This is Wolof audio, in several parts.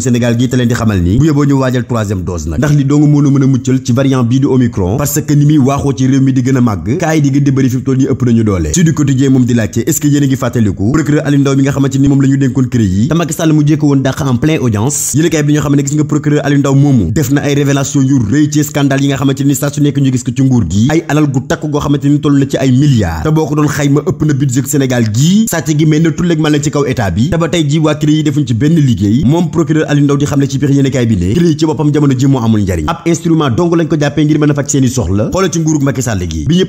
askanu Sénégal gii te xamal ni bu yóboo ñu waajal troisième dose nag ndax li doonga mën a mën a muccal ci variant bii di Omicron parce que ni muy waaxoo ci réew mi di gën màgg kaa di gën di bëri fi mu ëpp nañu doole Sud Quotidien moom di laajte est-ce que fàttaliku procureur Aliou mi nga xamante ni moom la ñu dénkoon CREI yi te Macky mu jékk woon dàq en plein audience yëlekaay bi ñoo xam ni saa su nekk ñu gis ko ci nguur gi ay Aliou di xam ci biir yéenekaay bi ne ci boppam jamono ji moo amul njariñ ab instrument dong lañ ko jàppee ngir mën a faj seeni soxla xoola ci nguurug Macky Sall gi bi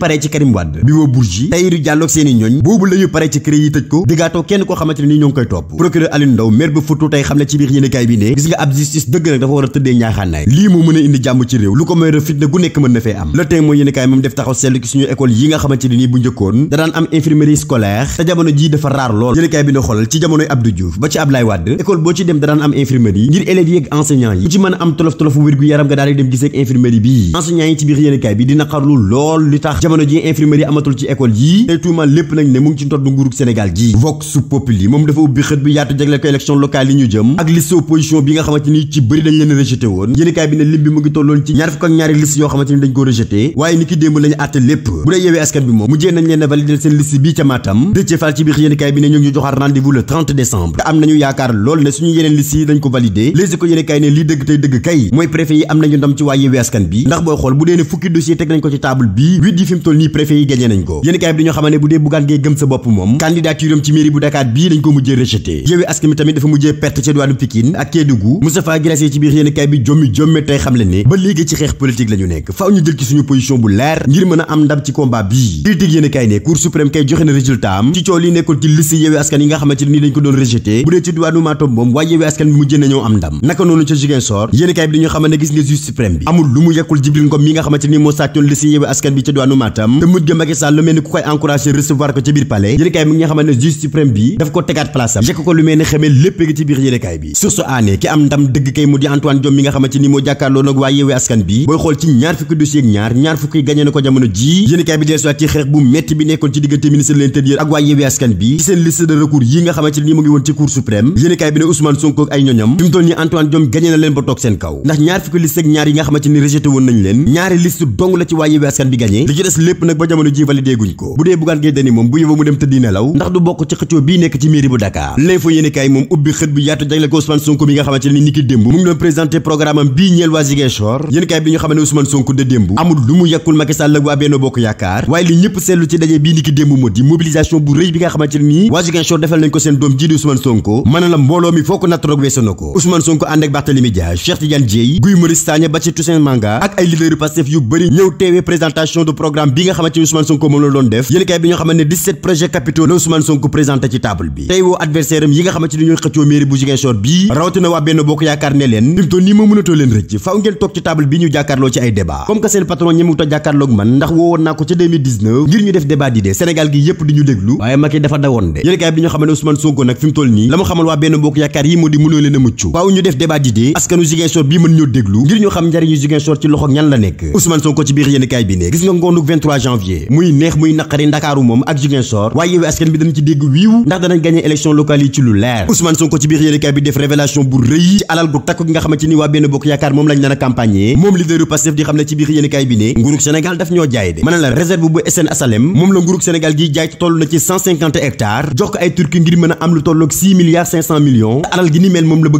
nga ab nii bu njëkkoon da daan am infirmerie scolaire te jamono ji dafa raar lool yéenekaay bi ne xoolal ci jamonoy Abdou Diouf ba ci Abdoulaye Wade école boo ci dem da daan am infirmerie ngir élèves ak enseignants yi ku ci mën am tolof tolofu wér-gu-yaram nga daal di dem gisee ak infirmerie bii yi ci biir yéenekaay bi di naqarlu lool li tax jamono ji infirmerie amatul ci école yi tey tuuma lépp nag ñu jëm ak liste opposition bi nga xamante ni ci bëri dañ leen bi ne lim bi mu ngi tolloon ci ñaar fukk ak ñaari liste yoo xamante ni dañ ko rejeté waaye ni démb lañu àtte lépp bu dee yeewee askan bi moom mujjee nañ leen a validé Les Échos yéene kay ne dëgg tey dëgg kay mooy préfet yi am nañu ndam ci waa Yewwi Askan bi ndax booy xool bu dee ne fukki dossier teg nañ ko ci table bi huit yi fi mu nii préfet yi gagné nañ ko mujjee rejeté Yewwi Askan bi jommi jomme tey xam le ne ba léegi ci xeex politique la nekk faaw ñu jël ci suñu position bu leer ngir mën a am ndam ci combat bii critique yéene kay ne Cour kay joxe na résultat ci coow li nekkul ci liste nañoo am ndam naka noonu ca Ziguinchor yéenekaay bi dañu xamante ne gis nga juge ni moo sàccoon li si ki am ndam dëgg kay mu di Antoine Diome mi nga xamante ni moo jàkkaarloo nag waa yeewu askan bi booy xool ci ñaar fukki dossier ñaar ñaar fukki gagné na ko jamono ji yéenekaay bi dellusiwaat ci xeex bu metti bi nekkoon ci diggante ministre de l'intérieur ak waa yeewu askan bi ci seen liste de recours yi nga xamante ni mu ngi woon ci cour suprême maanaam fi mu toll nii Antoine Diome gagné na leen ba toog seen kaw ndax ñaar fukki liste ak ñaar yi nga xamante ni rejeté woon nañ leen ñaari liste dong la ci waa Yewwi bi gagné li ci des lépp nag ba jamono ji validé guñ ko bu dee Bougane Gueye Dany moom bu yóbbu mu dem tëddi nelaw ndax du bokk ci xëccoo bii nekk ci mairie bu Dakar L'Info yéenekaay moom ubbi xët bu yaatu jagle ko Ousmane Sonko mi nga xamante ni niki démb mu démb amul mu di mobilisation na Sonko seen patron ñemewut a jàkkaarloog man ndax woowoon naa ko ca ngir ñu def débat d'idées Sénégal gi yépp di ñu déglu waaye Macky dafa dawoon de yéen bi ñoo xamante ne Ousmane Sonko nag fi mu nii la mu xamal waa Benno Bokk Yaakaar yi moo di mënoo leen a mucc ñu def débat d'idées askanu Ziguinchor bii mën ñoo déglu ngir ñu xam njariñu Ziguinchor ci loxo ñan la nekk Ousmane Sonko ci biir yéenekaay bi ne gis nga ngoonuk janvier muy neex muy naqari Ndakaaru moom ak Ziguinchor waaye yow askan bi dañ ci dégg wiiw ndax danañ gagné élection locale yi ci lu leer Ousmane Sonko ci biir yéenekaay bi def révélation bu rëy ci alal gu takk gi nga xamante ni waa benn bokk yaakaar moom lañ nar a campagne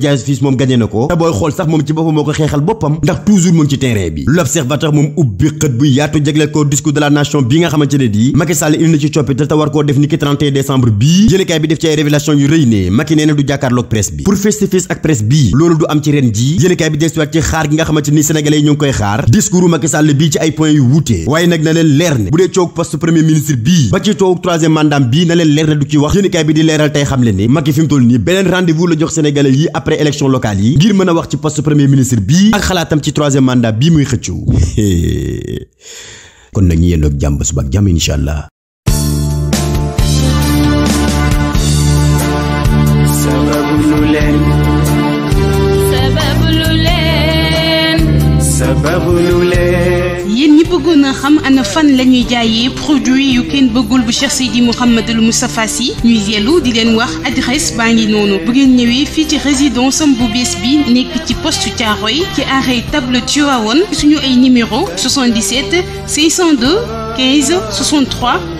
Diaz fils moom gañe na ko te xool sax moom ci boppam moo ko xeexal boppam ndax toujours mu ngi ci terrain moom ubbi xët bu yaatu jagleel ko discours nation bi nga xamante ne di Macky Sall il na ci coppite te war koo def ni ki décembre bii yéenekaay bi def ci ay révélation yu rëy ne Macky nee na du jàkkaarloog presse bi pour face ak presse bii loolu du am ci ren jii yéenekaay bi desuwaat ci xaar gi nga xamante ni sénégalais yi ñu koy xaar discours Macky Sall après élection yi ngir mën a wax ci poste premier ministre bii xalaatam ci troisième mandat bii muy xëccu kon nag ñu yendoog jàmm ba suba ak jàmm incha allah. ñi bëggoon a xam ana fan la ñuy jaayee produit yu kenn bëggul bu Cheikh Seydi Mouhamadul Moustapha Sy ñuy yellu di leen wax adresse baa ngi noonu bu ngeen ñëwee fii ci résidence am bu bees bi nekk ci poste Thiaroye ci arrêt table Tivaouane suñu ay numéro 77 502 15 63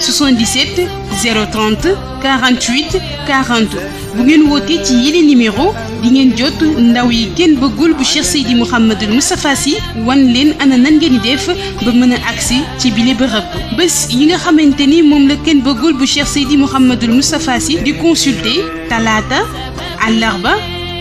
77 030 48 40 bu ngeen wootee ci yili numéro di ngeen jot ndaw yi kenn bëggul bu Cheikh Seydi Mouhamadul Moustapha si wan leen ana nan ngeen di def ba mën a agsi ci bile bërëb bés yi nga xamante ni moom la kenn bëggul bu Cheikh Seydi Mouhamadul Moustapha si di consulter talaata àllarba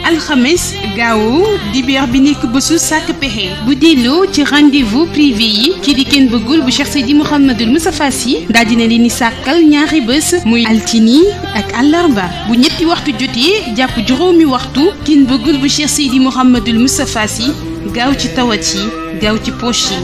alxames gaawu dibéer bi nekk bésu sàkk pexe bu delloo ci rendez-vous privé yi kii di kenn bëggul bu Cheikh Seydi Mouhamadul Moustapha yi daal dina leen ni sàkkal ñaari bés muy altini ak àllarba bu ñetti waxtu jotee jàpp juróomi waxtu kenn bëggul bu Cheikh Seydi Mouhamadul Moustapha Sy gaaw ci tawat yi gaaw ci poche yi